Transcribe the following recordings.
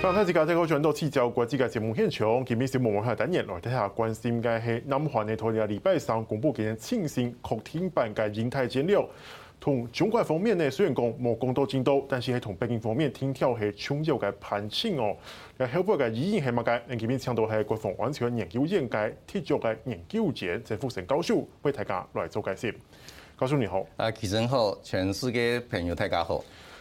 今日嘅《世界高轉多視角國際》節目現場，見面小木木係等人嚟睇下關心嘅係，南韓呢台日禮拜三公布嘅人清天國擴版嘅印太戰略，同中國方面呢雖然講冇講到京都，但是係同北京方面聽跳係重要嘅夥伴哦。那後邊嘅依然係乜嘅？你見面聽到係國防安全研究院嘅特約嘅研究員曾復生教授，為大家來做解釋。高叔，你好，啊，早晨好，全世界朋友大家好。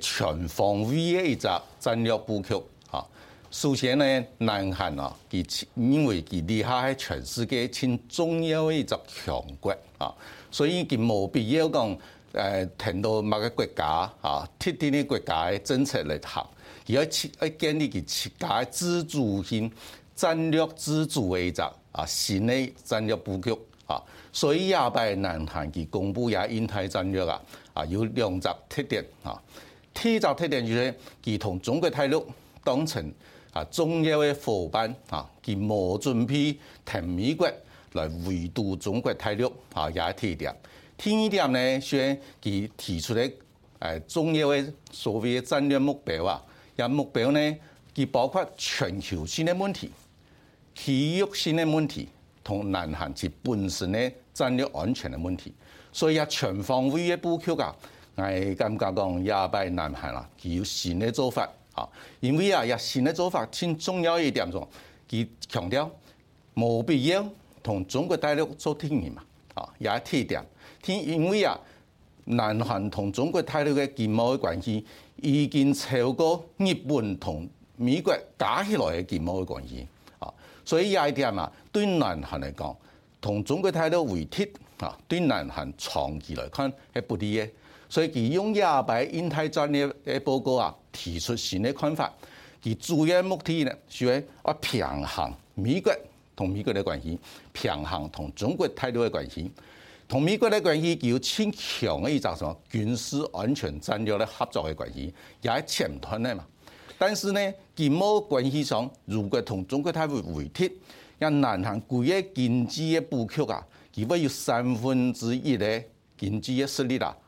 全方位嘅一隻戰略布局，首先呢南韓啊，因為佢立下喺全世界稱重要嘅一隻強國，啊，所以佢冇必要講誒停到某個國家嚇特定啲國家嘅政策嚟行，而係設一建立佢自家自主性戰略自主嘅一隻啊，新嘅戰略布局啊，所以亞伯南韓佢公布亞印太戰略啊，啊有兩隻特點。啊。天澤特點就是，佢同中國大陸當成啊重要的伙伴啊，佢冇準備同美國來圍堵中國大陸。啊，也提點。第二點呢，雖然佢提出嚟誒重要嘅所謂嘅戰略目標啊，又目標呢，佢包括全球性嘅問題、區域性嘅問題同南韓佢本身咧戰略安全嘅問題。所以啊，全方位嘅布局啊。我感覺講也拜南韓啦，具有新的做法啊，因為啊，有新的做法，挺重要一點。咗。佢強調冇必要同中國大陸做天緣嘛，啊，也提點，因因為啊，南韓同中國大陸嘅經貿嘅關係已經超過日本同美國打起來嘅經貿嘅關係啊，所以亞點啊，對南韓嚟講，同中國大陸為敵啊，對南韓長期來看係不利嘅。所以佢用亞太印太戰略的報告啊，提出新的看法。其主要的目的呢，是係啊平衡美國同美國的關係，平衡同中國態度的關係。同美國嘅關係具有很強嘅一種，什麼軍事安全戰略的合作的關係，也係前段咧嘛。但是呢，佢經貿關係上，如果同中國大陸為敵，因南韓佢嘅經濟的布局啊，佢會有三分之一的經濟的實力啦、啊。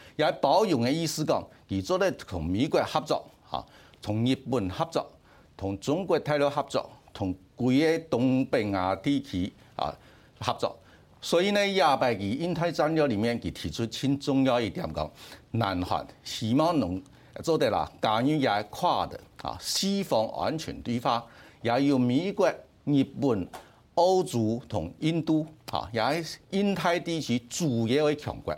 也包容嘅意思講，其實咧同美國合作嚇，同日本合作，同中國大陸合作，同貴嘅東北亞地區啊合作。所以咧，廿八嘅印太戰略裏面，佢提出最重要一點講，南韓、希望能做啲啦，關於也係跨的嚇，西方安全對話，也有美國、日本、歐洲同印度嚇，也係印太地區主要嘅強國。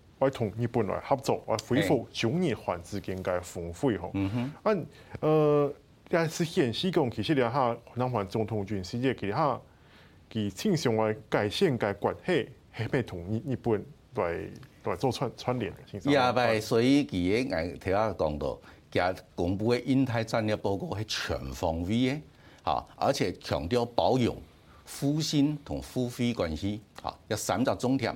我同日本來合作，我恢復中日韓之間嘅互惠。啊、嗯嗯哼，呃，但是顯示講其實你睇下，南韓總統選舉之後，佢稱上嘅界線嘅關係係咪同日日本來來做串串聯？係啊，唔係，所以佢喺頭下講到，其實公布嘅印太戰略報告係全方位嘅，而且強調保有互信同互惠關係，呢三個重點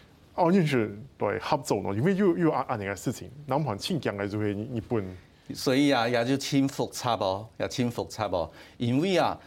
哦，你是對合作咯，因為有又按按那個事情，南韓牽強來做，日本所以啊，也就挺複雜哦，也挺複雜哦。因為啊，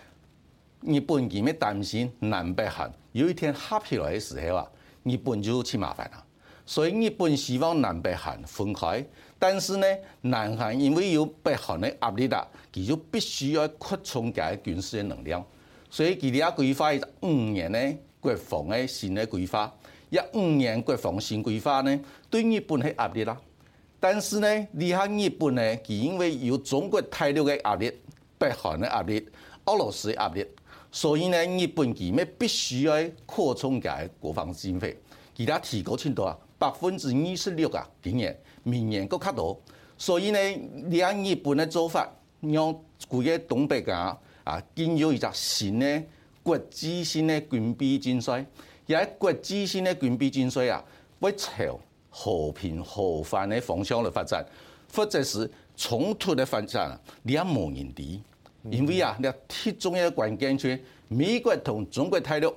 日本前面擔心南北韓有一天合起來的時候啊，日本就挺麻煩了。所以日本希望南北韓分開，但是呢，南韓因為有北韓的壓力大，他就必須要擴充家軍事的能量，所以佢哋啊規劃五五年呢國防嘅新嘅規劃。一五年國防新規劃咧對日本係壓力啦，但是咧你睇日本咧，佢因為有中國大陸嘅壓力、北韓嘅壓力、俄羅斯嘅壓力，所以咧日本佢咩必須要擴充佢嘅國防經費，其他提高程度啊百分之二十六啊，今年明年更加多，所以咧你睇日本嘅做法，讓佢個東北亞啊建有一個新嘅國際性嘅軍備競賽。有一國自身的軍備競賽啊，會朝和平和反的方向嚟發展，或者是衝突的發展啊，你啊望，因為啊，你喺重要嘅關鍵處，美國同中國大陸，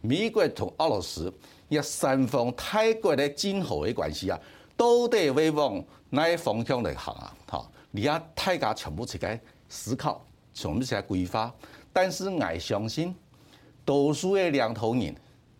美國同俄羅斯、要三方泰國的經合的關係啊，都都希望喺方向來行啊，嚇！你啊，大家全部出街思考，全部出嚟規劃，但是我相信，多數的兩頭人。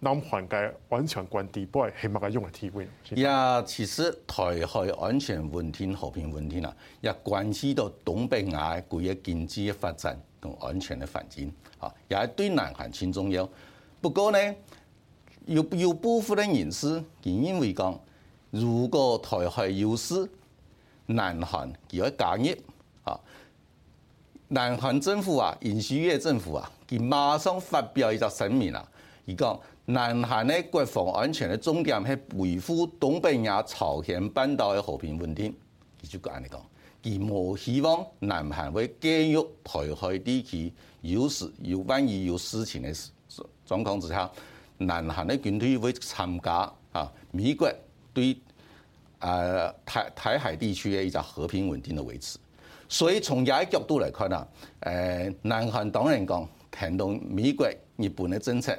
南韓街安全關閉，不過係唔用嚟睇嘅？呀，其實，台海安全問題、和平問題啦，也關係到東北亞嗰一經濟的發展同安全的環境，嚇，也對南韓超重要。不過呢，有有部分嘅人士，原因為講，如果台海有事，南韓佢一介入，嚇，南韓政府啊，尹錫悅政府啊，佢馬上發表一個聲明啊，佢講。南韓的國防安全的重點是維護東北亞朝鮮半島的和平穩定。佢就咁講，佢冇希望南韓會介入、呃、台海地區，有事有萬一有事情嘅狀況之下，南韓的軍隊會參加啊美國對啊台台海地區的一個和平穩定的維持。所以從另一角度來看啦，誒南韓當然講聽從美國日本的政策。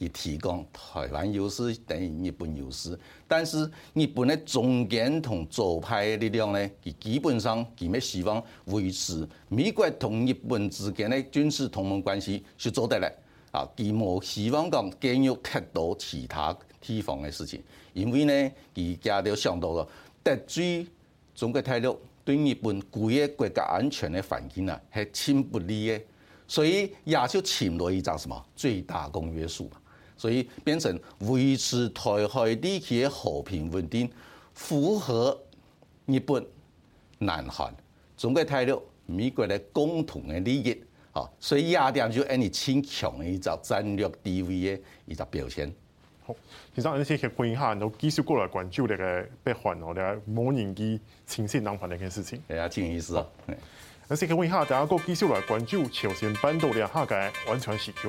佢提供台灣優勢等於日本優勢，但是日本的中間同左派嘅力量呢，佢基本上佢咪希望維持美國同日本之間的軍事同盟關係，是做得嚟啊！佢冇希望講介入太多其他地方嘅事情，因為呢佢家都想到了得罪中國大陸，對日本整個國家安全嘅環境啊係千不利嘅，所以也就簽咗一張什麼最大公約數。所以變成維持台海地區嘅和平穩定，符合日本、南韓、中國大陸，美國咧共同嘅利益，嚇，所以亞點就係你清強，嘅一個戰略地位嘅一個表現好。其實我先去問下，然後繼續過來關注呢個北韓我哋無人機，侵佔南韓呢件事情。誒、啊，有啲意思啊、哦。我先去問下，大家個繼續來關注朝鮮半島兩下嘅完全時局。